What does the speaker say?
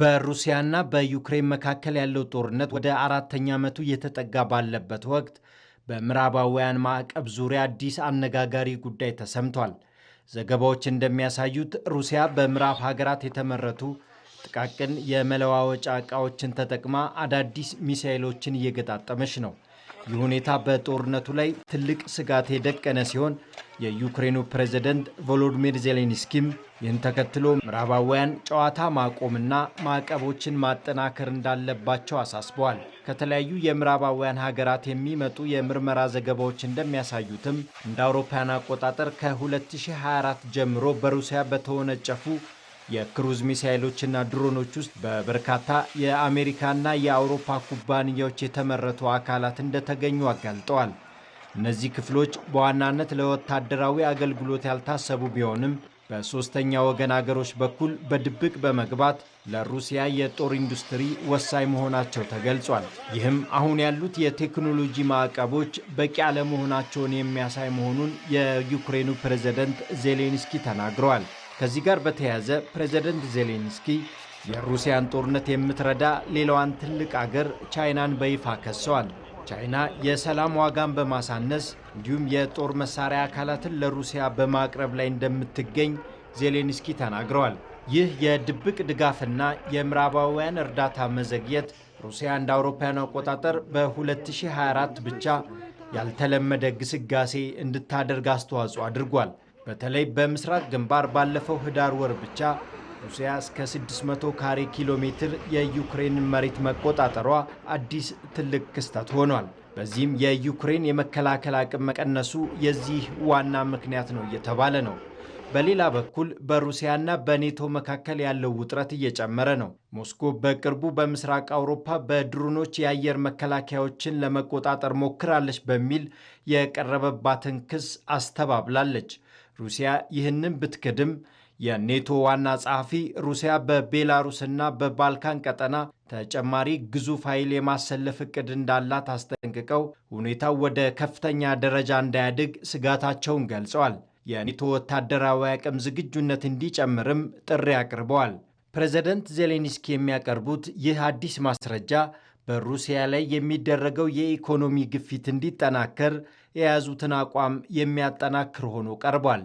በሩሲያና በዩክሬን መካከል ያለው ጦርነት ወደ አራተኛ ዓመቱ እየተጠጋ ባለበት ወቅት በምዕራባውያን ማዕቀብ ዙሪያ አዲስ አነጋጋሪ ጉዳይ ተሰምቷል። ዘገባዎች እንደሚያሳዩት ሩሲያ በምዕራብ ሀገራት የተመረቱ ጥቃቅን የመለዋወጫ ዕቃዎችን ተጠቅማ አዳዲስ ሚሳይሎችን እየገጣጠመች ነው። ይህ ሁኔታ በጦርነቱ ላይ ትልቅ ስጋት የደቀነ ሲሆን የዩክሬኑ ፕሬዝደንት ቮሎዲሚር ዜሌንስኪም ይህን ተከትሎ ምዕራባውያን ጨዋታ ማቆምና ማዕቀቦችን ማጠናከር እንዳለባቸው አሳስበዋል። ከተለያዩ የምዕራባውያን ሀገራት የሚመጡ የምርመራ ዘገባዎች እንደሚያሳዩትም እንደ አውሮፓውያን አቆጣጠር ከ2024 ጀምሮ በሩሲያ በተወነጨፉ የክሩዝ ሚሳይሎችና ድሮኖች ውስጥ በበርካታ የአሜሪካና የአውሮፓ ኩባንያዎች የተመረቱ አካላት እንደተገኙ አጋልጠዋል። እነዚህ ክፍሎች በዋናነት ለወታደራዊ አገልግሎት ያልታሰቡ ቢሆንም በሦስተኛ ወገን አገሮች በኩል በድብቅ በመግባት ለሩሲያ የጦር ኢንዱስትሪ ወሳኝ መሆናቸው ተገልጿል። ይህም አሁን ያሉት የቴክኖሎጂ ማዕቀቦች በቂ አለመሆናቸውን የሚያሳይ መሆኑን የዩክሬኑ ፕሬዝደንት ዜሌንስኪ ተናግረዋል። ከዚህ ጋር በተያያዘ ፕሬዝደንት ዜሌንስኪ የሩሲያን ጦርነት የምትረዳ ሌላዋን ትልቅ አገር ቻይናን በይፋ ከሰዋል። ቻይና የሰላም ዋጋን በማሳነስ እንዲሁም የጦር መሳሪያ አካላትን ለሩሲያ በማቅረብ ላይ እንደምትገኝ ዜሌንስኪ ተናግረዋል። ይህ የድብቅ ድጋፍና የምዕራባውያን እርዳታ መዘግየት ሩሲያ እንደ አውሮፓውያን አቆጣጠር በ2024 ብቻ ያልተለመደ ግስጋሴ እንድታደርግ አስተዋጽኦ አድርጓል። በተለይ በምስራቅ ግንባር ባለፈው ህዳር ወር ብቻ ሩሲያ እስከ 600 ካሬ ኪሎ ሜትር የዩክሬንን መሬት መቆጣጠሯ አዲስ ትልቅ ክስተት ሆኗል። በዚህም የዩክሬን የመከላከል አቅም መቀነሱ የዚህ ዋና ምክንያት ነው እየተባለ ነው። በሌላ በኩል በሩሲያና በኔቶ መካከል ያለው ውጥረት እየጨመረ ነው። ሞስኮ በቅርቡ በምስራቅ አውሮፓ በድሮኖች የአየር መከላከያዎችን ለመቆጣጠር ሞክራለች በሚል የቀረበባትን ክስ አስተባብላለች። ሩሲያ ይህንን ብትክድም የኔቶ ዋና ጸሐፊ ሩሲያ በቤላሩስና በባልካን ቀጠና ተጨማሪ ግዙፍ ኃይል የማሰለፍ እቅድ እንዳላት አስጠንቅቀው ሁኔታው ወደ ከፍተኛ ደረጃ እንዳያድግ ስጋታቸውን ገልጸዋል። የኔቶ ወታደራዊ አቅም ዝግጁነት እንዲጨምርም ጥሪ አቅርበዋል። ፕሬዚደንት ዜሌንስኪ የሚያቀርቡት ይህ አዲስ ማስረጃ በሩሲያ ላይ የሚደረገው የኢኮኖሚ ግፊት እንዲጠናከር የያዙትን አቋም የሚያጠናክር ሆኖ ቀርቧል።